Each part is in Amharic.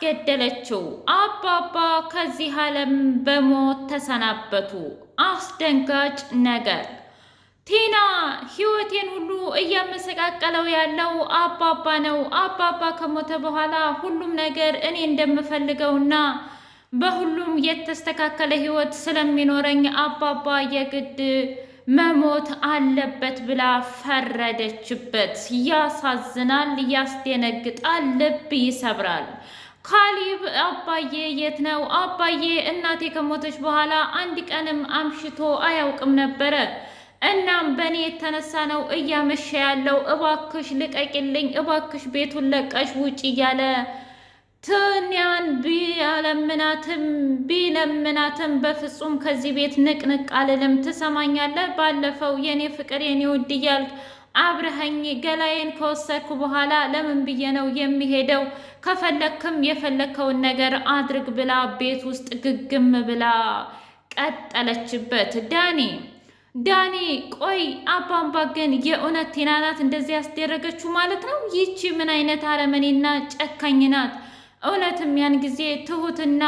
አስገደለችው። አባባ ከዚህ ዓለም በሞት ተሰናበቱ። አስደንጋጭ ነገር። ቴና ህይወቴን ሁሉ እያመሰቃቀለው ያለው አባባ ነው። አባባ ከሞተ በኋላ ሁሉም ነገር እኔ እንደምፈልገውና በሁሉም የተስተካከለ ህይወት ስለሚኖረኝ አባባ የግድ መሞት አለበት ብላ ፈረደችበት። ያሳዝናል፣ ያስደነግጣል፣ ልብ ይሰብራል። ካሊብ አባዬ የት ነው አባዬ? እናቴ ከሞተች በኋላ አንድ ቀንም አምሽቶ አያውቅም ነበረ። እናም በእኔ የተነሳ ነው እያመሸ ያለው። እባክሽ ልቀቂልኝ፣ እባክሽ ቤቱን ለቀሽ ውጭ እያለ ትንያን ቢለምናትም ቢለምናትም በፍጹም ከዚህ ቤት ንቅንቅ አልልም። ትሰማኛለህ? ባለፈው የኔ ፍቅር የኔ ውድ እያልክ አብረኸኝ ገላዬን ከወሰድኩ በኋላ ለምን ብዬ ነው የሚሄደው? ከፈለክም የፈለከውን ነገር አድርግ ብላ ቤት ውስጥ ግግም ብላ ቀጠለችበት። ዳኒ ዳኒ ቆይ አባምባ ግን የእውነት ቲና ናት እንደዚህ ያስደረገችው ማለት ነው? ይቺ ምን አይነት አረመኔና ጨካኝ ናት? እውነትም ያን ጊዜ ትሁትና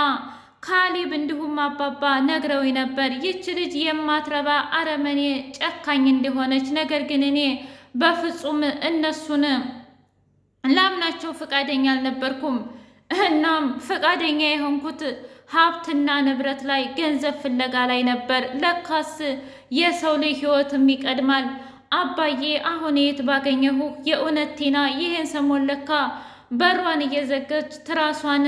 ካሊብ እንዲሁም አባባ ነግረው ነበር፣ ይች ልጅ የማትረባ አረመኔ ጨካኝ እንደሆነች ነገር ግን እኔ በፍጹም እነሱን ላምናቸው ፈቃደኛ አልነበርኩም። እናም ፈቃደኛ የሆንኩት ሀብትና ንብረት ላይ ገንዘብ ፍለጋ ላይ ነበር። ለካስ የሰው ልጅ ህይወትም ይቀድማል። አባዬ አሁን የት ባገኘሁ? የእውነት ቲና ይህን ሰሞን ለካ በሯን እየዘገች ትራሷን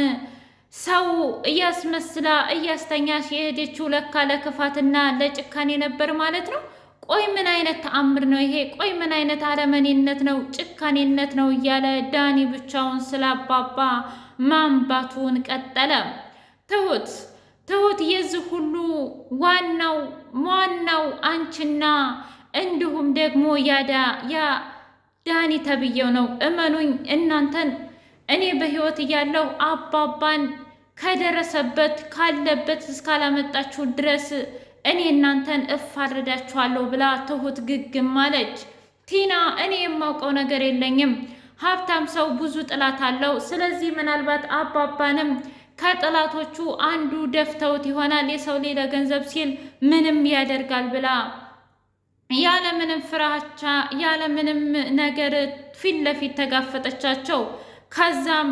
ሰው እያስመስላ እያስተኛ የሄደችው ለካ ለክፋትና ለጭካኔ ነበር ማለት ነው። ቆይ ምን አይነት ተአምር ነው ይሄ? ቆይ ምን አይነት አረመኔነት ነው ጭካኔነት ነው እያለ ዳኒ ብቻውን ስላባባ ማንባቱን ቀጠለ። ትሁት ትሁት የዚህ ሁሉ ዋናው ዋናው አንቺና እንዲሁም ደግሞ ያዳ ያ ዳኒ ተብዬው ነው። እመኑኝ እናንተን እኔ በህይወት እያለሁ አባባን ከደረሰበት ካለበት እስካላመጣችሁ ድረስ እኔ እናንተን እፍ አድርጋችኋለሁ ብላ ትሁት ግግም አለች። ቲና እኔ የማውቀው ነገር የለኝም። ሀብታም ሰው ብዙ ጥላት አለው። ስለዚህ ምናልባት አባባንም ከጥላቶቹ አንዱ ደፍተውት ይሆናል። የሰው ሌላ ገንዘብ ሲል ምንም ያደርጋል ብላ ያለምንም ፍራቻ ያለምንም ነገር ፊት ለፊት ተጋፈጠቻቸው። ከዛም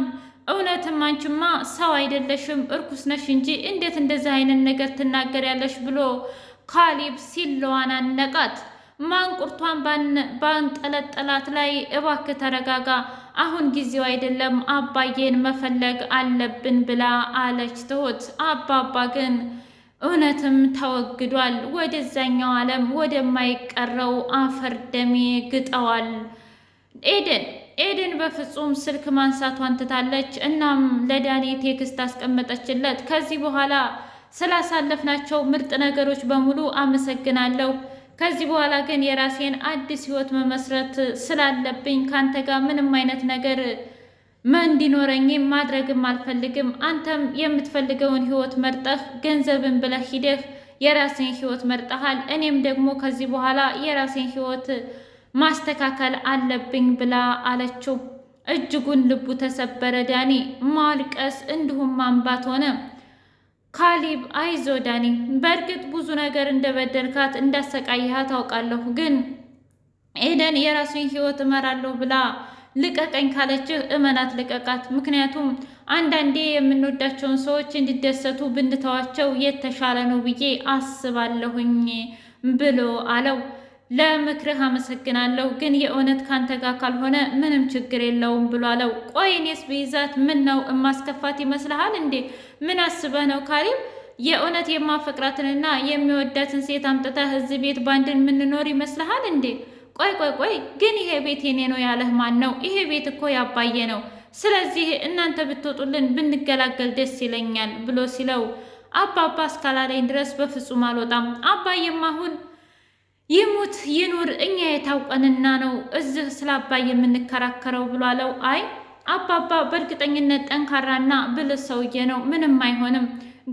እውነትም አንቺማ ሰው አይደለሽም እርኩስ ነሽ እንጂ እንዴት እንደዚህ አይነት ነገር ትናገሪያለሽ? ብሎ ካሊብ ሲለዋን አነቃት። ማንቁርቷን ባንጠለጠላት ላይ እባክህ ተረጋጋ፣ አሁን ጊዜው አይደለም፣ አባዬን መፈለግ አለብን ብላ አለች ትሁት። አባባ ግን እውነትም ተወግዷል፣ ወደዛኛው ዓለም ወደማይቀረው አፈር ደሜ ግጠዋል። ኤደን ኤደን በፍጹም ስልክ ማንሳቷን ትታለች። እናም ለዳኒ ቴክስት አስቀመጠችለት። ከዚህ በኋላ ስላሳለፍናቸው ምርጥ ነገሮች በሙሉ አመሰግናለሁ። ከዚህ በኋላ ግን የራሴን አዲስ ህይወት መመስረት ስላለብኝ ከአንተ ጋር ምንም አይነት ነገር እንዲኖረኝም ማድረግም አልፈልግም። አንተም የምትፈልገውን ህይወት መርጠህ ገንዘብን ብለህ ሂደህ የራሴን ህይወት መርጠሃል። እኔም ደግሞ ከዚህ በኋላ የራሴን ህይወት ማስተካከል አለብኝ ብላ አለችው። እጅጉን ልቡ ተሰበረ። ዳኒ ማልቀስ እንዲሁም ማንባት ሆነ። ካሊብ አይዞ ዳኒ፣ በእርግጥ ብዙ ነገር እንደበደልካት እንዳሰቃይሃ ታውቃለሁ፣ ግን ኤደን የራሱን ህይወት እመራለሁ ብላ ልቀቀኝ ካለችህ እመናት ልቀቃት። ምክንያቱም አንዳንዴ የምንወዳቸውን ሰዎች እንዲደሰቱ ብንተዋቸው የተሻለ ነው ብዬ አስባለሁኝ ብሎ አለው። ለምክርህ አመሰግናለሁ፣ ግን የእውነት ካንተ ጋር ካልሆነ ምንም ችግር የለውም ብሎ አለው። ቆይ እኔስ ብይዛት ምን ነው እማስከፋት ይመስልሃል እንዴ? ምን አስበህ ነው ካሪም? የእውነት የማፈቅራትንና የሚወዳትን ሴት አምጥተህ እዚህ ቤት ባንድን ምንኖር ይመስልሃል እንዴ? ቆይ ቆይ ቆይ ግን ይሄ ቤት የኔ ነው ያለህ ማን ነው? ይሄ ቤት እኮ ያባየ ነው። ስለዚህ እናንተ ብትወጡልን ብንገላገል ደስ ይለኛል ብሎ ሲለው አባባ እስካላለኝ ድረስ በፍጹም አልወጣም። አባዬም አሁን ይሙት ይኑር እኛ የታውቀንና ነው እዚህ ስላባይ የምንከራከረው ብሎ አይ አባባ በእርግጠኝነት ጠንካራና ብልህ ሰውዬ ነው፣ ምንም አይሆንም።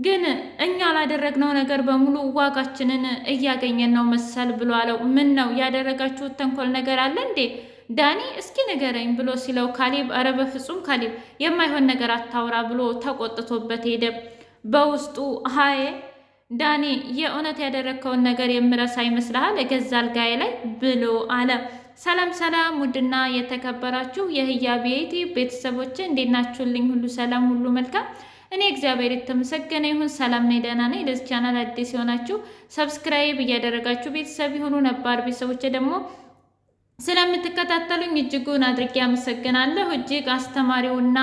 ግን እኛ ላደረግነው ነገር በሙሉ ዋጋችንን እያገኘን ነው መሰል ብሎ አለው። ምን ነው ያደረጋችሁት ተንኮል ነገር አለ እንዴ ዳኒ እስኪ ንገረኝ ብሎ ሲለው ካሊብ ኧረ በፍጹም ካሊብ የማይሆን ነገር አታውራ ብሎ ተቆጥቶበት ሄደ። በውስጡ ሀዬ ዳኒ የእውነት ያደረግከውን ነገር የምረሳ ይመስልሃል? እገዛ አልጋዬ ላይ ብሎ አለ። ሰላም ሰላም! ውድና የተከበራችሁ የህያ የኢቲ ቤተሰቦች እንዴት ናችሁልኝ? ሁሉ ሰላም፣ ሁሉ መልካም። እኔ እግዚአብሔር የተመሰገነ ይሁን ሰላም ነኝ፣ ደህና ነኝ። ለዚህ ቻናል አዲስ የሆናችሁ ሰብስክራይብ እያደረጋችሁ ቤተሰብ የሆኑ ነባር ቤተሰቦች ደግሞ ስለምትከታተሉኝ እጅጉን አድርጌ አመሰግናለሁ። እጅግ አስተማሪውና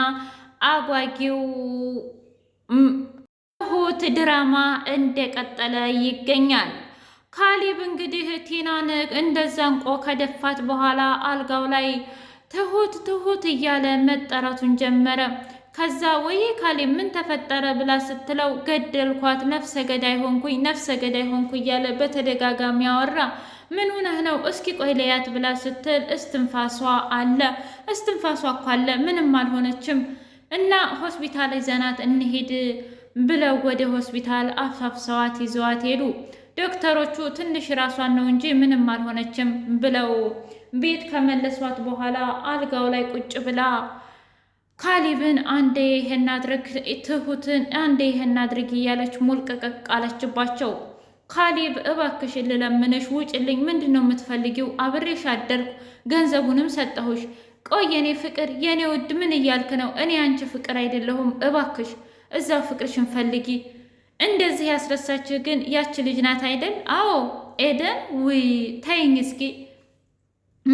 አጓጊው ትሁት ድራማ እንደቀጠለ ይገኛል። ካሌብ እንግዲህ ቲናን እንደዛ እንቆ ከደፋት በኋላ አልጋው ላይ ትሁት ትሁት እያለ መጠራቱን ጀመረ። ከዛ ወይ ካሌብ ምን ተፈጠረ ብላ ስትለው ገደልኳት፣ ነፍሰ ገዳይ ሆንኩኝ፣ ነፍሰ ገዳይ ሆንኩ እያለ በተደጋጋሚ አወራ። ምን ሆነህ ነው? እስኪ ቆይ ለያት ብላ ስትል እስትንፋሷ አለ፣ እስትንፋሷ እኮ አለ፣ ምንም አልሆነችም እና ሆስፒታል ይዘናት እንሄድ ብለው ወደ ሆስፒታል አፍሳፍሰዋት ይዘዋት ሄዱ። ዶክተሮቹ ትንሽ ራሷን ነው እንጂ ምንም አልሆነችም ብለው ቤት ከመለሷት በኋላ አልጋው ላይ ቁጭ ብላ ካሊብን አንዴ ይሄን አድርግ፣ ትሁትን አንዴ ይሄን አድርግ እያለች ሙልቀቀቅ አለችባቸው። ካሊብ እባክሽ ልለምንሽ ውጭልኝ፣ ምንድን ነው የምትፈልጊው? አብሬሽ አደርኩ፣ ገንዘቡንም ሰጠሁሽ። ቆይ የኔ ፍቅር፣ የኔ ውድ፣ ምን እያልክ ነው? እኔ አንቺ ፍቅር አይደለሁም፣ እባክሽ እዛው ፍቅርሽን ፈልጊ። እንደዚህ ያስረሳችሁ ግን ያቺ ልጅ ናት አይደል? አዎ ኤደን። ውይ ተይኝ እስኪ።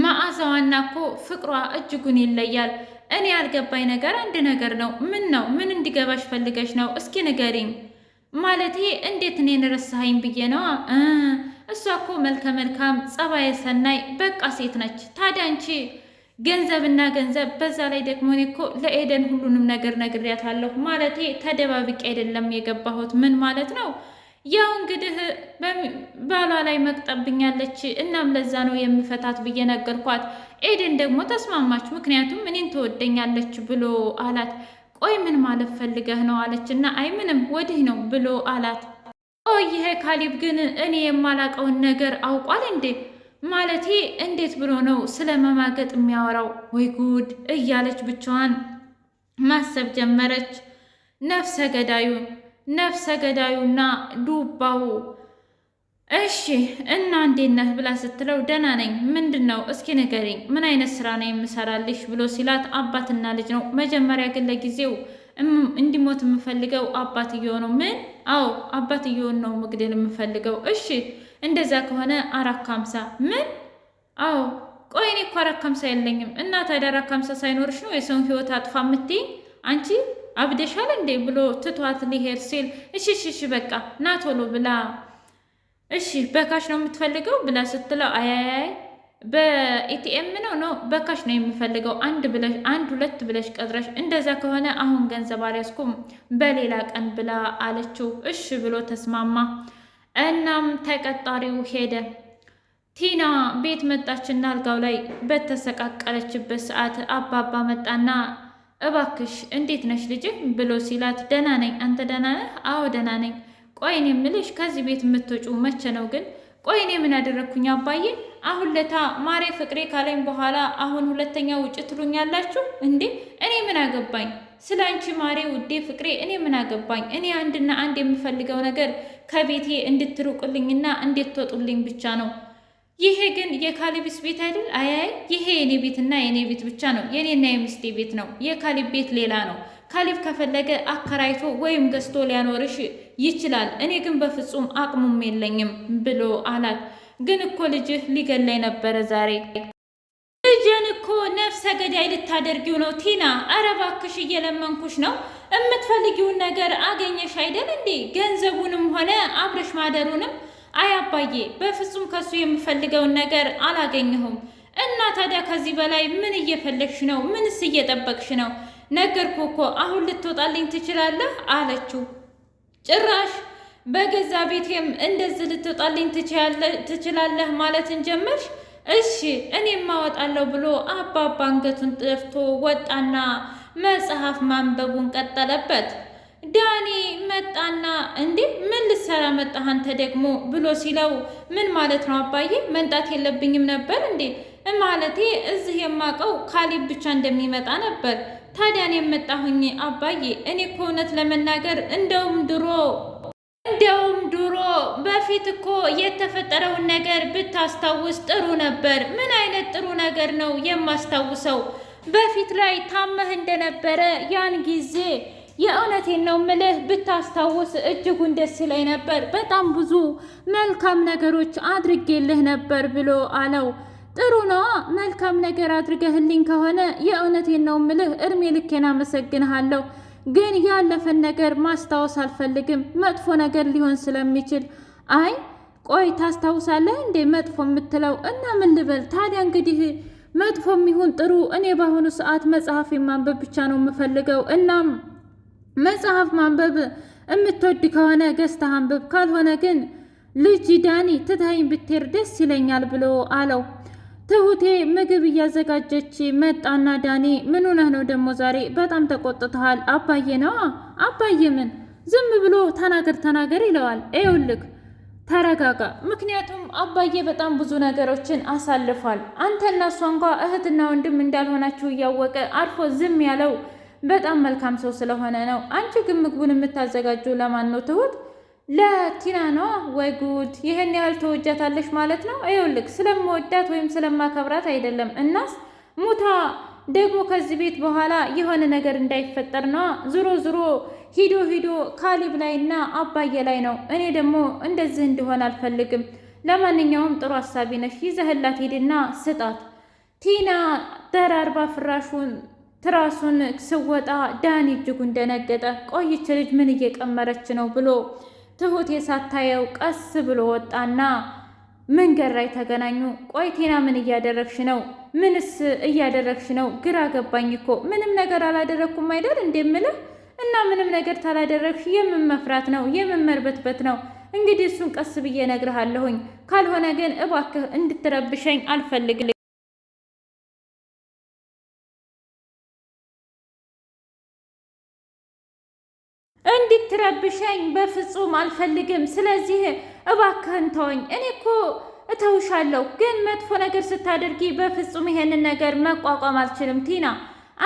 መዓዛዋና እኮ ፍቅሯ እጅጉን ይለያል። እኔ ያልገባኝ ነገር አንድ ነገር ነው። ምን ነው? ምን እንዲገባሽ ፈልገሽ ነው? እስኪ ንገሪኝ። ማለቴ እንዴት እኔን ረሳኸኝ ብዬ ነዋ። እሷ እኮ መልከ መልካም ጸባየ ሰናይ በቃ ሴት ነች። ታዲያ አንቺ ገንዘብ እና ገንዘብ በዛ ላይ ደግሞ እኔ እኮ ለኤደን ሁሉንም ነገር ነግሬያታለሁ። ማለቴ ተደባብቄ አይደለም የገባሁት። ምን ማለት ነው? ያው እንግዲህ ባሏ ላይ መቅጠብኛለች፣ እናም ለዛ ነው የምፈታት ብዬ ነገርኳት። ኤደን ደግሞ ተስማማች፣ ምክንያቱም እኔን ትወደኛለች ብሎ አላት። ቆይ ምን ማለት ፈልገህ ነው አለች እና አይ ምንም ወዲህ ነው ብሎ አላት። ኦ ይሄ ካሊብ ግን እኔ የማላቀውን ነገር አውቋል እንዴ ማለቴ እንዴት ብሎ ነው ስለ መማገጥ የሚያወራው? ወይ ጉድ እያለች ብቻዋን ማሰብ ጀመረች። ነፍሰ ገዳዩ ነፍሰ ገዳዩና ዱባው እሺ እና እንዴት ነህ ብላ ስትለው ደህና ነኝ። ምንድን ነው እስኪ ንገሪኝ፣ ምን አይነት ስራ ነው የምሰራልሽ ብሎ ሲላት አባትና ልጅ ነው። መጀመሪያ ግን ለጊዜው እንዲሞት የምፈልገው አባትየው ነው። ምን አዎ አባትየውን ነው መግደል የምፈልገው። እሺ እንደዛ ከሆነ አራት ሃምሳ ምን? አዎ ቆይ እኔ እኮ አራት ሃምሳ የለኝም። እና ታዲያ አራት ሃምሳ ሳይኖርሽ ነው የሰውን ህይወት አጥፋ የምትይኝ አንቺ አብደሻል እንዴ? ብሎ ትቷት ሊሄድ ሲል እሺ እሺ እሺ በቃ ና ቶሎ ብላ እሺ በካሽ ነው የምትፈልገው ብላ ስትለው አያያይ በኤቲኤም ነው ነው በካሽ ነው የምፈልገው፣ አንድ ብለሽ አንድ ሁለት ብለሽ ቀጥረሽ፣ እንደዛ ከሆነ አሁን ገንዘብ አልያዝኩም በሌላ ቀን ብላ አለችው። እሺ ብሎ ተስማማ። እናም ተቀጣሪው ሄደ። ቲና ቤት መጣችና አልጋው ላይ በተሰቃቀለችበት ሰዓት አባባ መጣና እባክሽ እንዴት ነሽ ልጅ ብሎ ሲላት፣ ደህና ነኝ አንተ ደህና ነህ? አዎ ደህና ነኝ። ቆይ እኔ የምልሽ ከዚህ ቤት የምትወጪው መቼ ነው ግን? ቆይ እኔ ምን ያደረግኩኝ አባዬ አሁን ለታ ማሬ ፍቅሬ ካለኝ በኋላ አሁን ሁለተኛ ውጭ ትሉኛላችሁ እንዴ? እኔ ምን አገባኝ ስለ አንቺ ማሬ ውዴ ፍቅሬ እኔ ምን አገባኝ። እኔ አንድና አንድ የምፈልገው ነገር ከቤቴ እንድትሩቁልኝና እንድትወጡልኝ ብቻ ነው። ይሄ ግን የካሊብስ ቤት አይደል? አያይ ይሄ የኔ ቤትና የኔ ቤት ብቻ ነው። የኔና የሚስቴ ቤት ነው። የካሊብ ቤት ሌላ ነው። ካሊብ ከፈለገ አከራይቶ ወይም ገዝቶ ሊያኖርሽ ይችላል። እኔ ግን በፍጹም አቅሙም የለኝም ብሎ አላት። ግን እኮ ልጅህ ሊገላ ነበረ ዛሬ ልጅን እኮ ነፍሰ ገዳይ ልታደርጊው ነው ቲና። ኧረ እባክሽ እየለመንኩሽ ነው። የምትፈልጊውን ነገር አገኘሽ አይደል እንዴ? ገንዘቡንም ሆነ አብረሽ ማደሩንም። አይ አባዬ፣ በፍጹም ከሱ የምፈልገውን ነገር አላገኘሁም። እና ታዲያ ከዚህ በላይ ምን እየፈለግሽ ነው? ምንስ እየጠበቅሽ ነው? ነገርኩ እኮ አሁን ልትወጣልኝ ትችላለህ አለችው ጭራሽ በገዛ ቤቴም እንደዚህ ልትወጣልኝ ትችላለህ ማለትን ጀመርሽ? እሺ እኔም ማወጣለሁ ብሎ አባባ አንገቱን ደፍቶ ወጣና መጽሐፍ ማንበቡን ቀጠለበት። ዳኒ መጣና እንዴ ምን ልትሰራ መጣህ አንተ ደግሞ ብሎ ሲለው ምን ማለት ነው አባዬ መንጣት የለብኝም ነበር እንዴ ማለቴ እዚህ የማቀው ካሌብ ብቻ እንደሚመጣ ነበር ታዲያን የመጣሁኝ አባዬ እኔ እኮ እውነት ለመናገር እንደውም ድሮ እንዲያውም ድሮ በፊት እኮ የተፈጠረውን ነገር ብታስታውስ ጥሩ ነበር። ምን አይነት ጥሩ ነገር ነው የማስታውሰው? በፊት ላይ ታመህ እንደነበረ ያን ጊዜ የእውነቴን ነው ምልህ ብታስታውስ እጅጉን ደስ ይለኝ ነበር። በጣም ብዙ መልካም ነገሮች አድርጌልህ ነበር ብሎ አለው። ጥሩ ነዋ። መልካም ነገር አድርገህልኝ ከሆነ የእውነቴን ነው ምልህ እድሜ ልኬን አመሰግንሃለሁ። ግን ያለፈን ነገር ማስታወስ አልፈልግም፣ መጥፎ ነገር ሊሆን ስለሚችል አይ ቆይ ታስታውሳለህ እንዴ መጥፎ የምትለው እና ምን ልበል ታዲያ እንግዲህ መጥፎ የሚሆን ጥሩ እኔ በአሁኑ ሰዓት መጽሐፍ ማንበብ ብቻ ነው የምፈልገው እናም መጽሐፍ ማንበብ የምትወድ ከሆነ ገዝተህ አንብብ ካልሆነ ግን ልጅ ዳኒ ትታይን ብትሄድ ደስ ይለኛል ብሎ አለው ትሁቴ ምግብ እያዘጋጀች መጣና ዳኔ ምን ሆነህ ነው ደግሞ ዛሬ በጣም ተቆጥተሃል አባዬ ነዋ አባዬ ምን ዝም ብሎ ተናገር ተናገር ይለዋል ይኸውልህ ተረጋጋ ምክንያቱም አባዬ በጣም ብዙ ነገሮችን አሳልፏል አንተና እሷ እንኳ እህትና ወንድም እንዳልሆናችሁ እያወቀ አርፎ ዝም ያለው በጣም መልካም ሰው ስለሆነ ነው አንቺ ግን ምግቡን የምታዘጋጁ ለማን ነው ትሁት ለቲና ነዋ። ወይ ጉድ! ይህን ያህል ተወጃታለሽ ማለት ነው? ይኸውልህ ስለምወዳት ወይም ስለማከብራት አይደለም። እናስ ሙታ ደግሞ ከዚህ ቤት በኋላ የሆነ ነገር እንዳይፈጠር ነዋ። ዞሮ ዞሮ ሂዶ ሂዶ ካሊብ ላይ እና አባዬ ላይ ነው። እኔ ደግሞ እንደዚህ እንዲሆን አልፈልግም። ለማንኛውም ጥሩ አሳቢ ነሽ። ይዘህላት ሂድና ስጣት። ቲና ደራርባ ፍራሹን ትራሱን ስወጣ ዳኒ እጅጉን ደነገጠ። ቆይች ልጅ ምን እየቀመረች ነው ብሎ ትሁቴ ሳታየው ቀስ ብሎ ወጣና መንገድ ላይ ተገናኙ። ቆይ ቴና ምን እያደረግሽ ነው? ምንስ እያደረግሽ ነው? ግራ ገባኝ እኮ ምንም ነገር አላደረግኩም አይደል እንደምልህ እና ምንም ነገር ታላደረግሽ የምን መፍራት ነው? የምን መርበትበት ነው? እንግዲህ እሱን ቀስ ብዬ እነግርሃለሁኝ። ካልሆነ ግን እባክህ እንድትረብሸኝ አልፈልግልኝ። እንድትረብሸኝ በፍጹም አልፈልግም። ስለዚህ እባክህን ተወኝ። እኔ እኮ እተውሻለሁ፣ ግን መጥፎ ነገር ስታደርጊ በፍጹም ይሄንን ነገር መቋቋም አልችልም። ቲና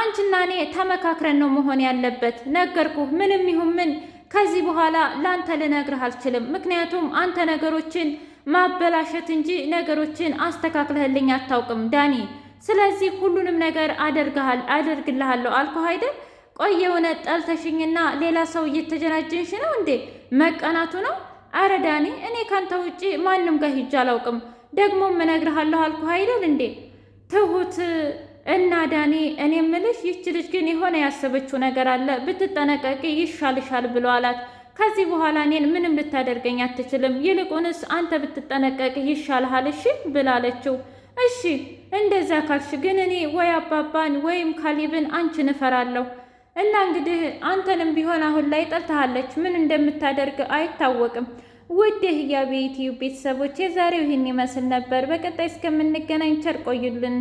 አንቺና እኔ ተመካክረን ነው መሆን ያለበት። ነገርኩ ምንም ይሁን ምን ከዚህ በኋላ ለአንተ ልነግርህ አልችልም። ምክንያቱም አንተ ነገሮችን ማበላሸት እንጂ ነገሮችን አስተካክለህልኝ አታውቅም ዳኒ። ስለዚህ ሁሉንም ነገር አደርግልሃለሁ አልኩህ አይደል? ቆይ የእውነት ጠልተሽኝና ሌላ ሰው እየተጀናጀንሽ ነው እንዴ? መቀናቱ ነው? አረ ዳኒ፣ እኔ ካንተ ውጪ ማንም ጋር ሂጅ አላውቅም። ደግሞ እነግርሃለሁ አልኩ አይደል እንዴ? ትሁት እና ዳኒ፣ እኔ ምልሽ ይች ልጅ ግን የሆነ ያሰበችው ነገር አለ፣ ብትጠነቀቂ ይሻልሻል ብሎ አላት። ከዚህ በኋላ እኔን ምንም ልታደርገኝ አትችልም፣ ይልቁንስ አንተ ብትጠነቀቅ ይሻልሃል እሺ ብላለችው። እሺ እንደዛ ካልሽ ግን እኔ ወይ አባባን ወይም ካሊብን አንቺን እፈራለሁ እና እንግዲህ አንተንም ቢሆን አሁን ላይ ጠልተሃለች። ምን እንደምታደርግ አይታወቅም። ውድህ የቤትዩ ቤተሰቦች የዛሬው ይህን ይመስል ነበር። በቀጣይ እስከምንገናኝ ቸር ቆዩልን።